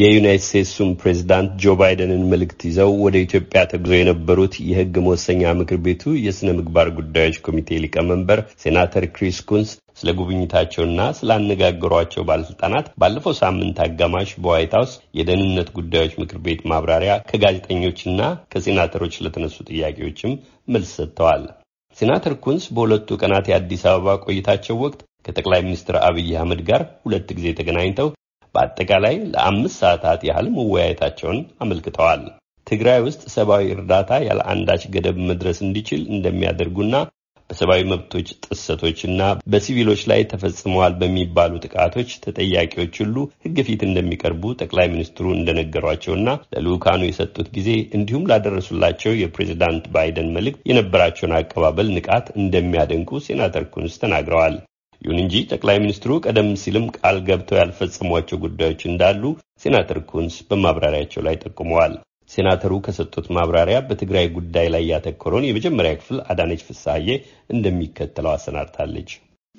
የዩናይት ስቴትሱን ፕሬዚዳንት ጆ ባይደንን መልእክት ይዘው ወደ ኢትዮጵያ ተጉዞ የነበሩት የሕግ መወሰኛ ምክር ቤቱ የሥነ ምግባር ጉዳዮች ኮሚቴ ሊቀመንበር ሴናተር ክሪስ ኩንስ ስለ ጉብኝታቸውና ስላነጋገሯቸው ባለስልጣናት ባለፈው ሳምንት አጋማሽ በዋይት ሀውስ የደህንነት ጉዳዮች ምክር ቤት ማብራሪያ ከጋዜጠኞችና ከሴናተሮች ለተነሱ ጥያቄዎችም መልስ ሰጥተዋል። ሴናተር ኩንስ በሁለቱ ቀናት የአዲስ አበባ ቆይታቸው ወቅት ከጠቅላይ ሚኒስትር አብይ አህመድ ጋር ሁለት ጊዜ ተገናኝተው በአጠቃላይ ለአምስት ሰዓታት ያህል መወያየታቸውን አመልክተዋል። ትግራይ ውስጥ ሰብአዊ እርዳታ ያለ አንዳች ገደብ መድረስ እንዲችል እንደሚያደርጉና በሰብአዊ መብቶች ጥሰቶች እና በሲቪሎች ላይ ተፈጽመዋል በሚባሉ ጥቃቶች ተጠያቂዎች ሁሉ ሕግ ፊት እንደሚቀርቡ ጠቅላይ ሚኒስትሩ እንደነገሯቸው ና ለልዑካኑ የሰጡት ጊዜ እንዲሁም ላደረሱላቸው የፕሬዚዳንት ባይደን መልእክት የነበራቸውን አቀባበል ንቃት እንደሚያደንቁ ሴናተር ኩንስ ተናግረዋል። ይሁን እንጂ ጠቅላይ ሚኒስትሩ ቀደም ሲልም ቃል ገብተው ያልፈጸሟቸው ጉዳዮች እንዳሉ ሴናተር ኩንስ በማብራሪያቸው ላይ ጠቁመዋል። ሴናተሩ ከሰጡት ማብራሪያ በትግራይ ጉዳይ ላይ ያተኮረውን የመጀመሪያ ክፍል አዳነች ፍሳሐዬ እንደሚከተለው አሰናድታለች።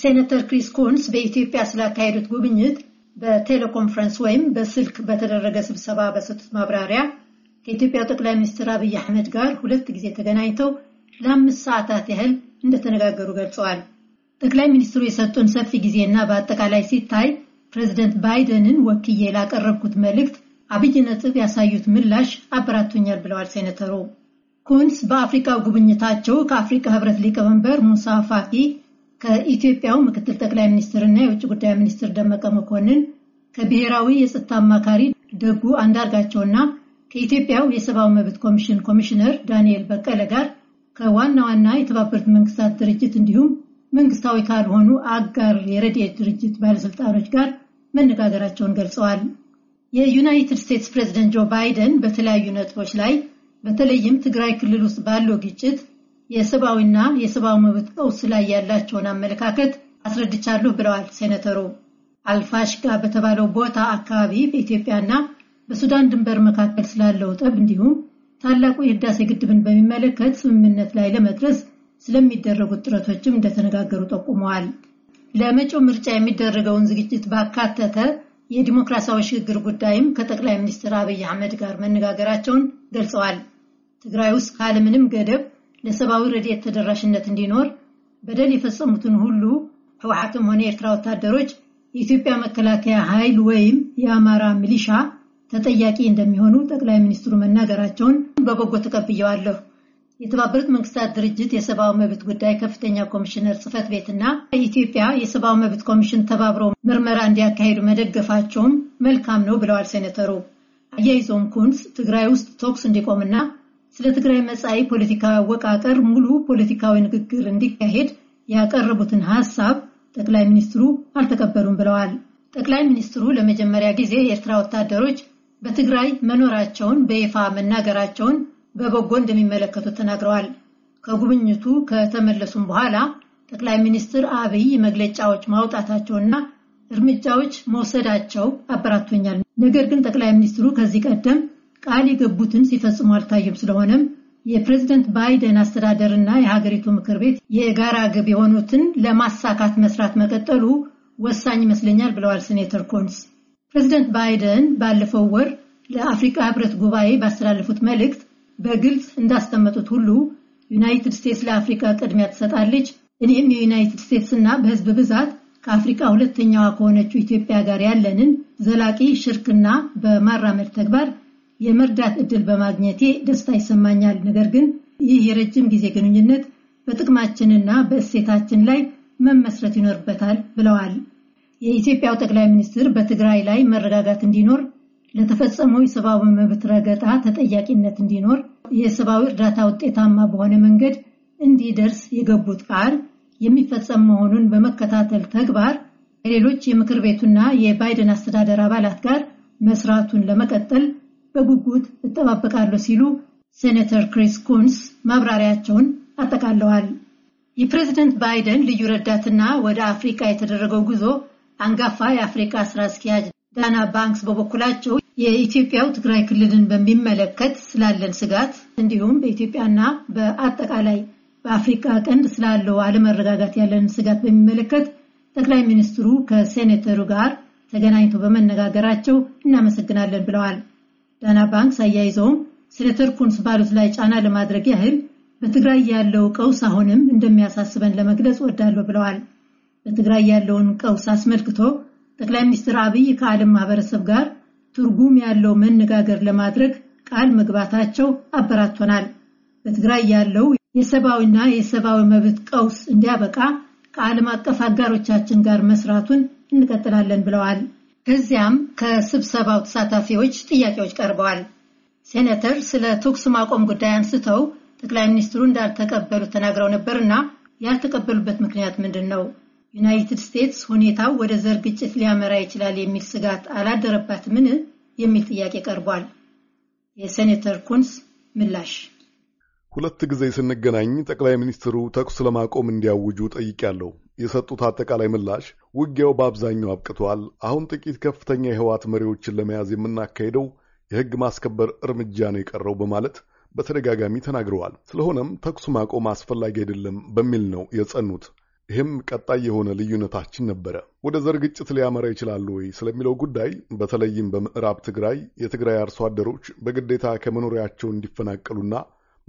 ሴናተር ክሪስ ኮንስ በኢትዮጵያ ስላካሄዱት ጉብኝት በቴሌኮንፈረንስ ወይም በስልክ በተደረገ ስብሰባ በሰጡት ማብራሪያ ከኢትዮጵያ ጠቅላይ ሚኒስትር አብይ አህመድ ጋር ሁለት ጊዜ ተገናኝተው ለአምስት ሰዓታት ያህል እንደተነጋገሩ ገልጸዋል። ጠቅላይ ሚኒስትሩ የሰጡን ሰፊ ጊዜና በአጠቃላይ ሲታይ ፕሬዚደንት ባይደንን ወክዬ ላቀረብኩት መልእክት አብይ ነጥብ ያሳዩት ምላሽ አበራቶኛል ብለዋል ሴኔተሩ። ኩንስ በአፍሪካ ጉብኝታቸው ከአፍሪካ ህብረት ሊቀመንበር ሙሳ ፋኪ፣ ከኢትዮጵያው ምክትል ጠቅላይ ሚኒስትርና የውጭ ጉዳይ ሚኒስትር ደመቀ መኮንን፣ ከብሔራዊ የጸጥታ አማካሪ ደጉ አንዳርጋቸውና ከኢትዮጵያው የሰብአዊ መብት ኮሚሽን ኮሚሽነር ዳንኤል በቀለ ጋር ከዋና ዋና የተባበሩት መንግስታት ድርጅት እንዲሁም መንግስታዊ ካልሆኑ አጋር የረድኤት ድርጅት ባለስልጣኖች ጋር መነጋገራቸውን ገልጸዋል። የዩናይትድ ስቴትስ ፕሬዝደንት ጆ ባይደን በተለያዩ ነጥቦች ላይ በተለይም ትግራይ ክልል ውስጥ ባለው ግጭት የሰብአዊና የሰብአዊ መብት ቀውስ ላይ ያላቸውን አመለካከት አስረድቻለሁ ብለዋል ሴኔተሩ። አልፋሽጋ በተባለው ቦታ አካባቢ በኢትዮጵያና በሱዳን ድንበር መካከል ስላለው ጠብ እንዲሁም ታላቁ የህዳሴ ግድብን በሚመለከት ስምምነት ላይ ለመድረስ ስለሚደረጉት ጥረቶችም እንደተነጋገሩ ጠቁመዋል። ለመጪው ምርጫ የሚደረገውን ዝግጅት ባካተተ የዲሞክራሲያዊ ሽግግር ጉዳይም ከጠቅላይ ሚኒስትር አብይ አህመድ ጋር መነጋገራቸውን ገልጸዋል። ትግራይ ውስጥ ካለምንም ገደብ ለሰብአዊ ረድኤት ተደራሽነት እንዲኖር በደል የፈጸሙትን ሁሉ ህወሓትም ሆነ የኤርትራ ወታደሮች የኢትዮጵያ መከላከያ ኃይል ወይም የአማራ ሚሊሻ ተጠያቂ እንደሚሆኑ ጠቅላይ ሚኒስትሩ መናገራቸውን በበጎ ተቀብየዋለሁ። የተባበሩት መንግስታት ድርጅት የሰብአዊ መብት ጉዳይ ከፍተኛ ኮሚሽነር ጽህፈት ቤትና ኢትዮጵያ የሰብአዊ መብት ኮሚሽን ተባብረው ምርመራ እንዲያካሄዱ መደገፋቸውም መልካም ነው ብለዋል ሴኔተሩ። አያይዞም ኩንስ ትግራይ ውስጥ ተኩስ እንዲቆምና ስለ ትግራይ መጻኢ ፖለቲካዊ አወቃቀር ሙሉ ፖለቲካዊ ንግግር እንዲካሄድ ያቀረቡትን ሀሳብ ጠቅላይ ሚኒስትሩ አልተቀበሉም ብለዋል። ጠቅላይ ሚኒስትሩ ለመጀመሪያ ጊዜ የኤርትራ ወታደሮች በትግራይ መኖራቸውን በይፋ መናገራቸውን በበጎ እንደሚመለከቱት ተናግረዋል። ከጉብኝቱ ከተመለሱም በኋላ ጠቅላይ ሚኒስትር አብይ መግለጫዎች ማውጣታቸውና እርምጃዎች መውሰዳቸው አበራቶኛል። ነገር ግን ጠቅላይ ሚኒስትሩ ከዚህ ቀደም ቃል የገቡትን ሲፈጽሙ አልታዩም። ስለሆነም የፕሬዚደንት ባይደን አስተዳደርና የሀገሪቱ ምክር ቤት የጋራ ግብ የሆኑትን ለማሳካት መስራት መቀጠሉ ወሳኝ ይመስለኛል ብለዋል ሴኔተር ኮንስ። ፕሬዚደንት ባይደን ባለፈው ወር ለአፍሪካ ህብረት ጉባኤ ባስተላለፉት መልእክት በግልጽ እንዳስቀመጡት ሁሉ ዩናይትድ ስቴትስ ለአፍሪካ ቅድሚያ ትሰጣለች። እኔም የዩናይትድ ስቴትስና በህዝብ ብዛት ከአፍሪካ ሁለተኛዋ ከሆነችው ኢትዮጵያ ጋር ያለንን ዘላቂ ሽርክና በማራመድ ተግባር የመርዳት እድል በማግኘቴ ደስታ ይሰማኛል። ነገር ግን ይህ የረጅም ጊዜ ግንኙነት በጥቅማችንና በእሴታችን ላይ መመስረት ይኖርበታል ብለዋል። የኢትዮጵያው ጠቅላይ ሚኒስትር በትግራይ ላይ መረጋጋት እንዲኖር ለተፈጸመው የሰብአዊ መብት ረገጣ ተጠያቂነት እንዲኖር የሰብአዊ እርዳታ ውጤታማ በሆነ መንገድ እንዲደርስ የገቡት ቃል የሚፈጸም መሆኑን በመከታተል ተግባር ከሌሎች የምክር ቤቱና የባይደን አስተዳደር አባላት ጋር መስራቱን ለመቀጠል በጉጉት እጠባበቃለሁ ሲሉ ሴኔተር ክሪስ ኩንስ ማብራሪያቸውን አጠቃለዋል። የፕሬዚደንት ባይደን ልዩ ረዳትና ወደ አፍሪካ የተደረገው ጉዞ አንጋፋ የአፍሪካ ስራ አስኪያጅ ዳና ባንክስ በበኩላቸው የኢትዮጵያው ትግራይ ክልልን በሚመለከት ስላለን ስጋት እንዲሁም በኢትዮጵያና በአጠቃላይ በአፍሪካ ቀንድ ስላለው አለመረጋጋት ያለንን ስጋት በሚመለከት ጠቅላይ ሚኒስትሩ ከሴኔተሩ ጋር ተገናኝተው በመነጋገራቸው እናመሰግናለን ብለዋል። ዳና ባንክስ አያይዘውም ሴኔተር ኩንስ ባሉት ላይ ጫና ለማድረግ ያህል በትግራይ ያለው ቀውስ አሁንም እንደሚያሳስበን ለመግለጽ ወዳለሁ ብለዋል። በትግራይ ያለውን ቀውስ አስመልክቶ ጠቅላይ ሚኒስትር አብይ ከዓለም ማህበረሰብ ጋር ትርጉም ያለው መነጋገር ለማድረግ ቃል መግባታቸው አበራቶናል። በትግራይ ያለው የሰብአዊና የሰብአዊ መብት ቀውስ እንዲያበቃ ከዓለም አቀፍ አጋሮቻችን ጋር መስራቱን እንቀጥላለን ብለዋል። ከዚያም ከስብሰባው ተሳታፊዎች ጥያቄዎች ቀርበዋል። ሴኔተር ስለ ተኩስ ማቆም ጉዳይ አንስተው ጠቅላይ ሚኒስትሩ እንዳልተቀበሉት ተናግረው ነበርና ያልተቀበሉበት ምክንያት ምንድን ነው? ዩናይትድ ስቴትስ ሁኔታው ወደ ዘር ግጭት ሊያመራ ይችላል የሚል ስጋት አላደረባትምን? የሚል ጥያቄ ቀርቧል። የሴኔተር ኩንስ ምላሽ ሁለት ጊዜ ስንገናኝ ጠቅላይ ሚኒስትሩ ተኩስ ለማቆም እንዲያውጁ ጠይቄያለሁ። የሰጡት አጠቃላይ ምላሽ ውጊያው በአብዛኛው አብቅቷል፣ አሁን ጥቂት ከፍተኛ የህዋት መሪዎችን ለመያዝ የምናካሄደው የህግ ማስከበር እርምጃ ነው የቀረው በማለት በተደጋጋሚ ተናግረዋል። ስለሆነም ተኩስ ማቆም አስፈላጊ አይደለም በሚል ነው የጸኑት። ይህም ቀጣይ የሆነ ልዩነታችን ነበረ። ወደ ዘር ግጭት ሊያመራ ይችላሉ ወይ ስለሚለው ጉዳይ በተለይም በምዕራብ ትግራይ የትግራይ አርሶ አደሮች በግዴታ ከመኖሪያቸው እንዲፈናቀሉና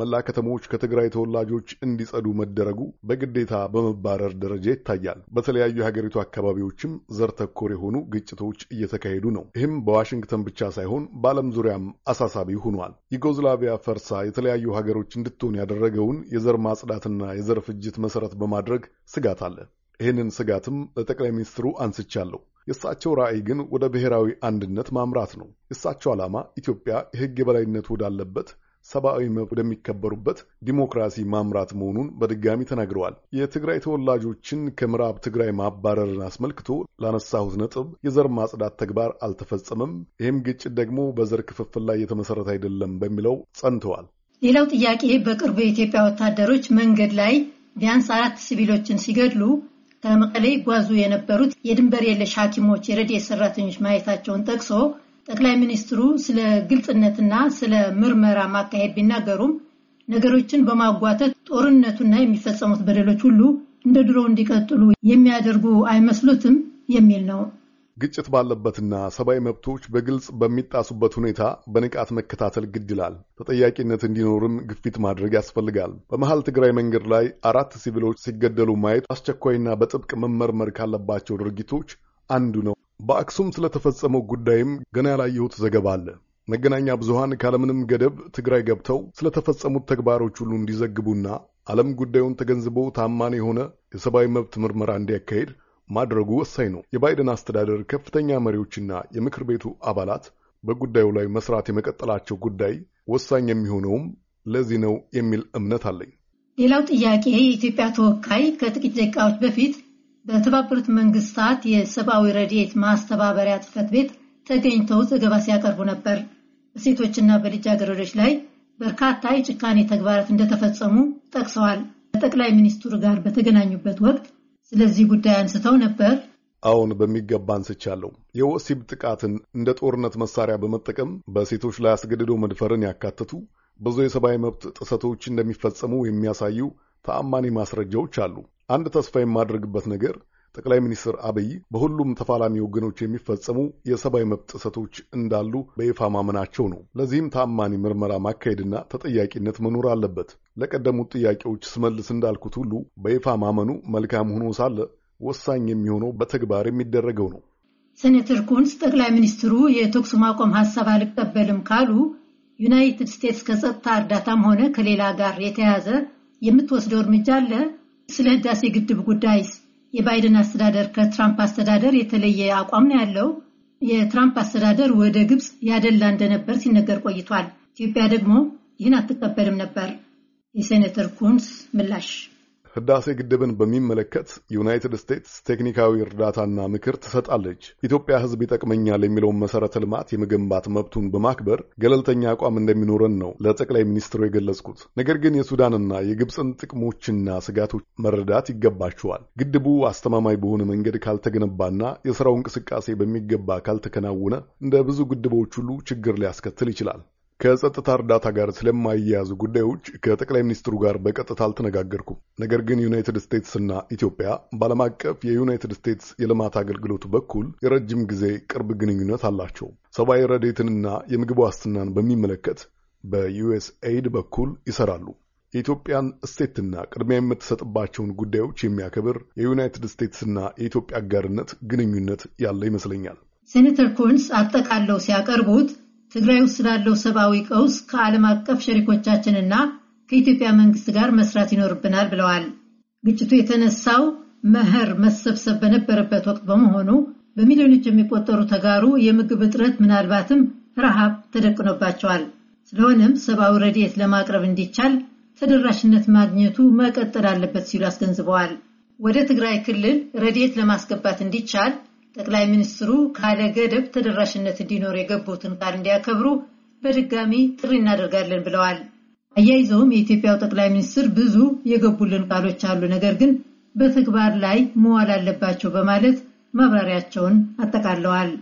መላ ከተሞች ከትግራይ ተወላጆች እንዲጸዱ መደረጉ በግዴታ በመባረር ደረጃ ይታያል። በተለያዩ የሀገሪቱ አካባቢዎችም ዘር ተኮር የሆኑ ግጭቶች እየተካሄዱ ነው። ይህም በዋሽንግተን ብቻ ሳይሆን በዓለም ዙሪያም አሳሳቢ ሆኗል። ዩጎዝላቪያ ፈርሳ የተለያዩ ሀገሮች እንድትሆን ያደረገውን የዘር ማጽዳትና የዘር ፍጅት መሰረት በማድረግ ስጋት አለ። ይህንን ስጋትም ለጠቅላይ ሚኒስትሩ አንስቻለሁ። የእሳቸው ራዕይ ግን ወደ ብሔራዊ አንድነት ማምራት ነው። የእሳቸው ዓላማ ኢትዮጵያ የሕግ የበላይነት ወዳለበት ሰብአዊ መብት ወደሚከበሩበት ዲሞክራሲ ማምራት መሆኑን በድጋሚ ተናግረዋል። የትግራይ ተወላጆችን ከምዕራብ ትግራይ ማባረርን አስመልክቶ ላነሳሁት ነጥብ የዘር ማጽዳት ተግባር አልተፈጸመም፣ ይህም ግጭት ደግሞ በዘር ክፍፍል ላይ የተመሰረተ አይደለም በሚለው ጸንተዋል። ሌላው ጥያቄ በቅርቡ የኢትዮጵያ ወታደሮች መንገድ ላይ ቢያንስ አራት ሲቪሎችን ሲገድሉ ከመቀሌ ጓዙ የነበሩት የድንበር የለሽ ሐኪሞች የረድኤት ሰራተኞች ማየታቸውን ጠቅሶ ጠቅላይ ሚኒስትሩ ስለ ግልጽነትና ስለ ምርመራ ማካሄድ ቢናገሩም ነገሮችን በማጓተት ጦርነቱና የሚፈጸሙት በደሎች ሁሉ እንደ ድሮ እንዲቀጥሉ የሚያደርጉ አይመስሉትም የሚል ነው። ግጭት ባለበትና ሰብአዊ መብቶች በግልጽ በሚጣሱበት ሁኔታ በንቃት መከታተል ግድ ይላል። ተጠያቂነት እንዲኖርም ግፊት ማድረግ ያስፈልጋል። በመሀል ትግራይ መንገድ ላይ አራት ሲቪሎች ሲገደሉ ማየት አስቸኳይና በጥብቅ መመርመር ካለባቸው ድርጊቶች አንዱ ነው። በአክሱም ስለተፈጸመው ጉዳይም ገና ያላየሁት ዘገባ አለ። መገናኛ ብዙሃን ካለምንም ገደብ ትግራይ ገብተው ስለተፈጸሙት ተግባሮች ሁሉ እንዲዘግቡና ዓለም ጉዳዩን ተገንዝቦ ታማኝ የሆነ የሰብአዊ መብት ምርመራ እንዲያካሄድ ማድረጉ ወሳኝ ነው። የባይደን አስተዳደር ከፍተኛ መሪዎችና የምክር ቤቱ አባላት በጉዳዩ ላይ መስራት የመቀጠላቸው ጉዳይ ወሳኝ የሚሆነውም ለዚህ ነው የሚል እምነት አለኝ። ሌላው ጥያቄ የኢትዮጵያ ተወካይ ከጥቂት ደቂቃዎች በፊት በተባበሩት መንግስታት የሰብአዊ ረድኤት ማስተባበሪያ ጽህፈት ቤት ተገኝተው ዘገባ ሲያቀርቡ ነበር። በሴቶችና በልጃገረዶች ላይ በርካታ የጭካኔ ተግባራት እንደተፈጸሙ ጠቅሰዋል። ከጠቅላይ ሚኒስትሩ ጋር በተገናኙበት ወቅት ስለዚህ ጉዳይ አንስተው ነበር። አሁን በሚገባ አንስቻለሁ። የወሲብ ጥቃትን እንደ ጦርነት መሳሪያ በመጠቀም በሴቶች ላይ አስገድዶ መድፈርን ያካተቱ ብዙ የሰብአዊ መብት ጥሰቶች እንደሚፈጸሙ የሚያሳዩ ተአማኒ ማስረጃዎች አሉ። አንድ ተስፋ የማድረግበት ነገር ጠቅላይ ሚኒስትር አብይ በሁሉም ተፋላሚ ወገኖች የሚፈጸሙ የሰብአዊ መብት ጥሰቶች እንዳሉ በይፋ ማመናቸው ነው። ለዚህም ታማኒ ምርመራ ማካሄድና ተጠያቂነት መኖር አለበት። ለቀደሙት ጥያቄዎች ስመልስ እንዳልኩት ሁሉ በይፋ ማመኑ መልካም ሆኖ ሳለ ወሳኝ የሚሆነው በተግባር የሚደረገው ነው። ሴኔተር ኩንስ ጠቅላይ ሚኒስትሩ የተኩስ ማቆም ሀሳብ አልቀበልም ካሉ ዩናይትድ ስቴትስ ከጸጥታ እርዳታም ሆነ ከሌላ ጋር የተያያዘ የምትወስደው እርምጃ አለ? ስለ ህዳሴ ግድብ ጉዳይስ የባይደን አስተዳደር ከትራምፕ አስተዳደር የተለየ አቋም ነው ያለው። የትራምፕ አስተዳደር ወደ ግብፅ ያደላ እንደነበር ሲነገር ቆይቷል። ኢትዮጵያ ደግሞ ይህን አትቀበልም ነበር። የሴኔተር ኩንስ ምላሽ ህዳሴ ግድብን በሚመለከት ዩናይትድ ስቴትስ ቴክኒካዊ እርዳታና ምክር ትሰጣለች። ኢትዮጵያ ህዝብ ይጠቅመኛል የሚለውን መሰረተ ልማት የመገንባት መብቱን በማክበር ገለልተኛ አቋም እንደሚኖረን ነው ለጠቅላይ ሚኒስትሩ የገለጽኩት። ነገር ግን የሱዳንና የግብፅን ጥቅሞችና ስጋቶች መረዳት ይገባቸዋል። ግድቡ አስተማማኝ በሆነ መንገድ ካልተገነባና የሥራው እንቅስቃሴ በሚገባ ካልተከናወነ እንደ ብዙ ግድቦች ሁሉ ችግር ሊያስከትል ይችላል። ከጸጥታ እርዳታ ጋር ስለማያያዙ ጉዳዮች ከጠቅላይ ሚኒስትሩ ጋር በቀጥታ አልተነጋገርኩም። ነገር ግን ዩናይትድ ስቴትስና ኢትዮጵያ በዓለም አቀፍ የዩናይትድ ስቴትስ የልማት አገልግሎት በኩል የረጅም ጊዜ ቅርብ ግንኙነት አላቸው። ሰብአዊ ረዴትንና የምግብ ዋስትናን በሚመለከት በዩኤስ ኤይድ በኩል ይሰራሉ። የኢትዮጵያን እሴትና ቅድሚያ የምትሰጥባቸውን ጉዳዮች የሚያከብር የዩናይትድ ስቴትስና የኢትዮጵያ አጋርነት ግንኙነት ያለ ይመስለኛል። ሴኔተር ኩንስ አጠቃለው ሲያቀርቡት ትግራይ ውስጥ ስላለው ሰብአዊ ቀውስ ከዓለም አቀፍ ሸሪኮቻችንና ከኢትዮጵያ መንግስት ጋር መስራት ይኖርብናል ብለዋል። ግጭቱ የተነሳው መኸር መሰብሰብ በነበረበት ወቅት በመሆኑ በሚሊዮኖች የሚቆጠሩ ተጋሩ የምግብ እጥረት ምናልባትም ረሃብ ተደቅኖባቸዋል። ስለሆነም ሰብአዊ ረድኤት ለማቅረብ እንዲቻል ተደራሽነት ማግኘቱ መቀጠል አለበት ሲሉ አስገንዝበዋል። ወደ ትግራይ ክልል ረድኤት ለማስገባት እንዲቻል ጠቅላይ ሚኒስትሩ ካለ ገደብ ተደራሽነት እንዲኖር የገቡትን ቃል እንዲያከብሩ በድጋሚ ጥሪ እናደርጋለን ብለዋል። አያይዘውም የኢትዮጵያው ጠቅላይ ሚኒስትር ብዙ የገቡልን ቃሎች አሉ፣ ነገር ግን በተግባር ላይ መዋል አለባቸው በማለት ማብራሪያቸውን አጠቃለዋል።